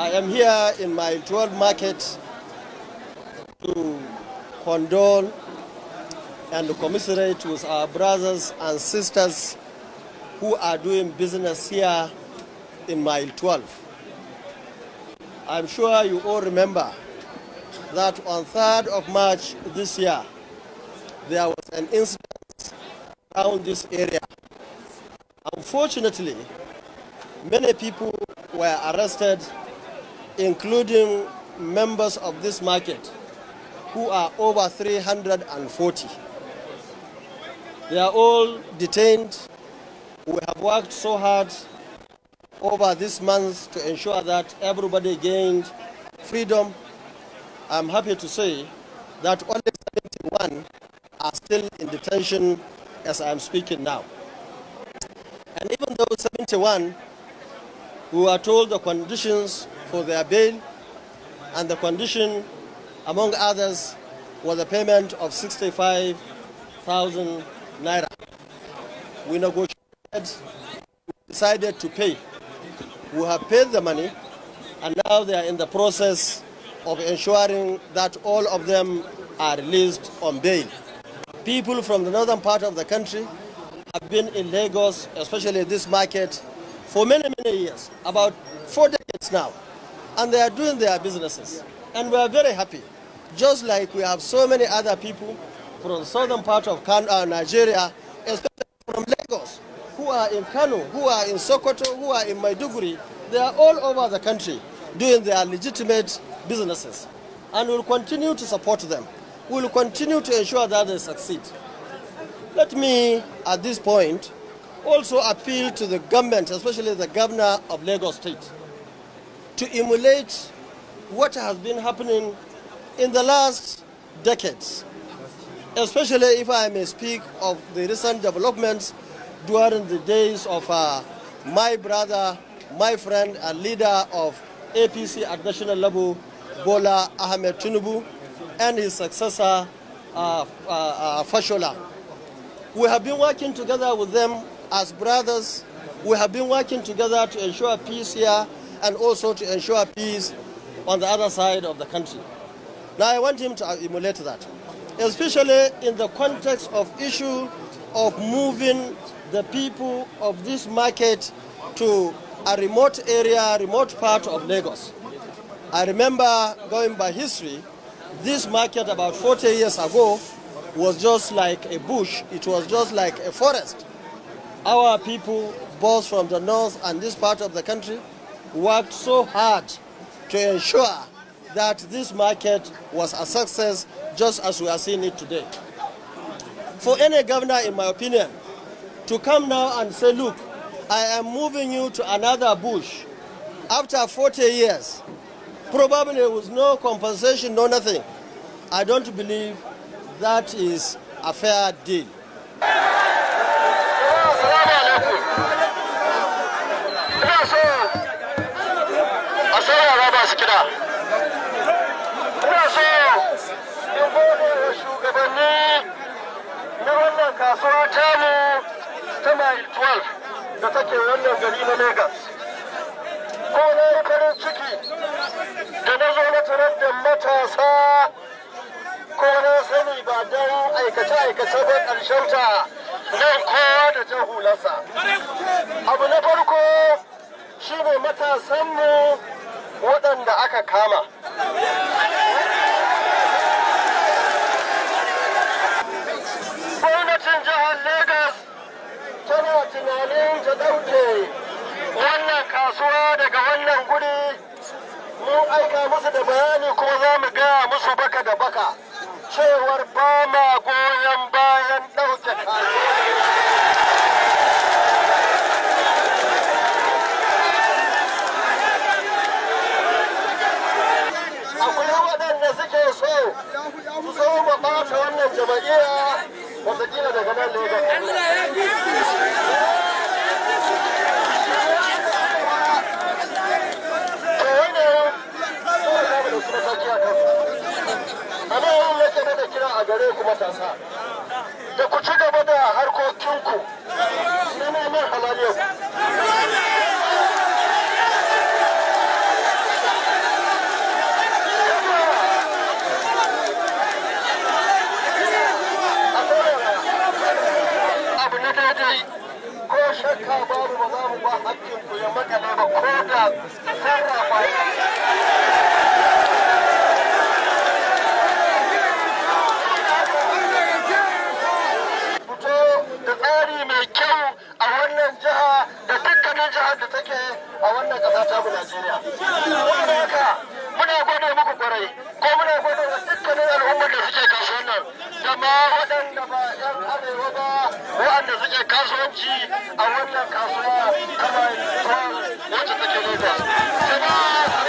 I am here in my 12th market to condole and commiserate with our brothers and sisters who are doing business here in mile 12. I'm sure you all remember that on 3rd of March this year, there was an incident around this area. Unfortunately, many people were arrested including members of this market who are over 340. They are all detained. We have worked so hard over this month to ensure that everybody gained freedom. I'm happy to say that only 71 are still in detention as I'm speaking now. And even though 71, we are told the conditions for their bail, and the condition, among others, was the payment of 65,000 naira. We negotiated, decided to pay. We have paid the money, and now they are in the process of ensuring that all of them are released on bail. People from the northern part of the country have been in Lagos, especially this market, for many, many years, about four decades now and they are doing their businesses. And we are very happy, just like we have so many other people from the southern part of uh, Nigeria, especially from Lagos, who are in Kano, who are in Sokoto, who are in Maiduguri. They are all over the country doing their legitimate businesses. And we'll continue to support them. We'll continue to ensure that they succeed. Let me, at this point, also appeal to the government, especially the governor of Lagos State, to emulate what has been happening in the last decades, especially if I may speak of the recent developments during the days of uh, my brother, my friend, and leader of APC at national level, Bola Ahmed Tinubu, and his successor, uh, uh, uh, Fashola. We have been working together with them as brothers we have been working together to ensure peace here and also to ensure peace on the other side of the country. Now I want him to emulate that, especially in the context of issue of moving the people of this market to a remote area, remote part of Lagos. I remember going by history, this market about 40 years ago was just like a bush, it was just like a forest. Our people both from the north and this part of the country, worked so hard to ensure that this market was a success just as we are seeing it today. For any governor, in my opinion, to come now and say, look, I am moving you to another bush after 40 years, probably with no compensation, no nothing, I don't believe that is a fair deal. ina so a saurara ba su kiɗa ina so in gode wa shugabanni na wannan kasuwa tamu ta mile 12 da take wannan gari na Legas. ko na yi farin ciki da na zo na tarar da matasa ko na sani ba don aikace-aikace ba ƙarshen ta nan kowa da ta hularsa sanmu waɗanda aka kama gwamnatin jihar Legas tana tunanin ta ɗauke wannan kasuwa daga wannan guri mun aika musu da bayani kuma za mu gaya musu baka da baka cewar ba ma goyon bayan ɗauke kasuwa ta wannan jama'iya watakila daga nan Lagos. Allah ya da kira a gare ku matasa da ku ci gaba da harkokinku na neman halaliyar ka ba mu ba za mu ba hakkin ku ya makale ba ko da sarrafa fito da tsari mai kyau a wannan jiha da dukkanin jihar da take a wannan ƙasa ta mu Najeriya. Wanda haka muna gode muku kwarai ko muna gode wa dukkanin al'ummar da suke da waɗanda ba 'yan arewa ba waɗanda suke kasuwanci a wannan kasuwa ta mai wacce take lagos.